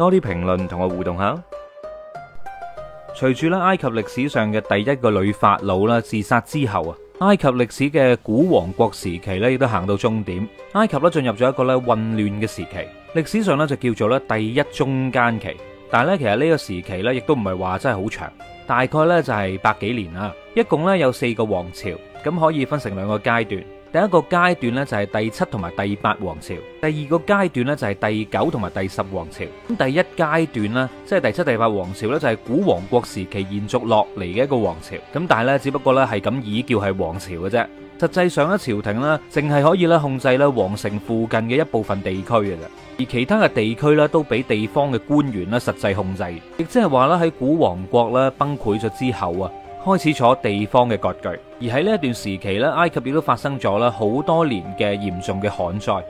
多啲評論同我互動下。隨住咧埃及歷史上嘅第一個女法老啦，自殺之後啊，埃及歷史嘅古王國時期咧亦都行到終點，埃及咧進入咗一個咧混亂嘅時期，歷史上咧就叫做咧第一中間期。但係咧其實呢個時期咧亦都唔係話真係好長，大概咧就係百幾年啦，一共咧有四個王朝，咁可以分成兩個階段。第一個階段呢，就係第七同埋第八王朝，第二個階段呢，就係第九同埋第十王朝。咁第一階段呢，即係第七、第八王朝呢，就係古王國時期延續落嚟嘅一個王朝。咁但係呢，只不過呢，係咁以叫係王朝嘅啫。實際上呢，朝廷呢，淨係可以咧控制咧王城附近嘅一部分地區嘅啫，而其他嘅地區呢，都俾地方嘅官員呢實際控制。亦即係話咧喺古王國咧崩潰咗之後啊。開始咗地方嘅割據，而喺呢一段時期咧，埃及亦都發生咗咧好多年嘅嚴重嘅旱災。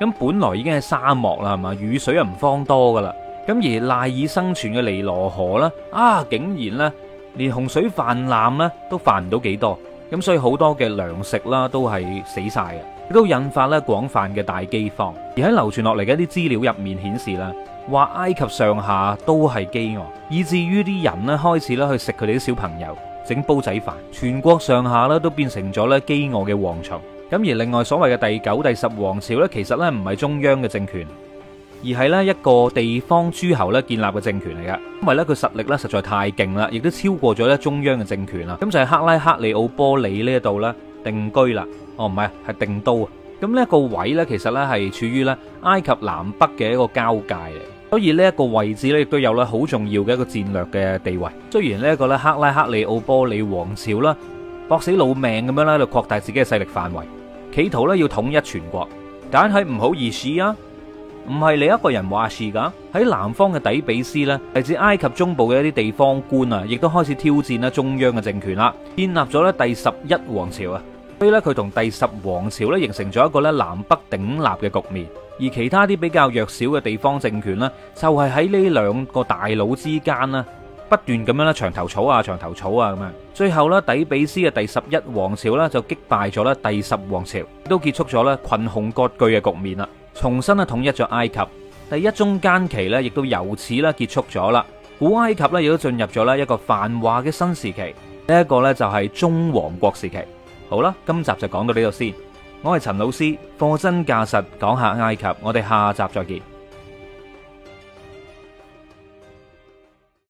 咁本來已經係沙漠啦，係咪？雨水又唔方多噶啦。咁而賴以生存嘅尼羅河咧，啊竟然咧連洪水泛濫咧都泛唔到幾多。咁所以好多嘅糧食啦都係死晒嘅，亦都引發咧廣泛嘅大饑荒。而喺流傳落嚟嘅啲資料入面顯示咧，話埃及上下都係饑餓，以至於啲人呢開始咧去食佢哋啲小朋友，整煲仔飯。全國上下咧都變成咗咧饑餓嘅蝗蟲。咁而另外所謂嘅第九、第十王朝呢，其實呢唔係中央嘅政權。而係咧一個地方諸侯咧建立嘅政權嚟噶，因為咧佢實力咧實在太勁啦，亦都超過咗咧中央嘅政權啦。咁就係、是、克拉克里奧波里呢度咧定居啦。哦，唔係，係定都啊。咁呢一個位咧，其實咧係處於咧埃及南北嘅一個交界嚟，所以呢一個位置咧，亦都有咧好重要嘅一個戰略嘅地位。雖然呢一個咧克拉克里奧波里王朝啦搏死老命咁樣咧，就擴大自己嘅勢力範圍，企圖咧要統一全國，但係唔好意思啊。唔係你一個人話事噶，喺南方嘅底比斯咧，嚟自埃及中部嘅一啲地方官啊，亦都開始挑戰啦中央嘅政權啦，建立咗咧第十一王朝啊，所以咧佢同第十王朝咧形成咗一個咧南北鼎立嘅局面，而其他啲比較弱小嘅地方政權啦，就係喺呢兩個大佬之間啦，不斷咁樣啦牆頭草啊牆頭草啊咁樣，最後咧底比斯嘅第十一王朝咧就擊敗咗咧第十王朝，都結束咗咧群雄割據嘅局面啦。重新咧統一咗埃及，第一中間期咧，亦都由此啦結束咗啦。古埃及咧，亦都進入咗咧一個繁華嘅新時期。呢一個呢就係中王國時期。好啦，今集就講到呢度先。我係陳老師，貨真價實，講下埃及。我哋下集再見。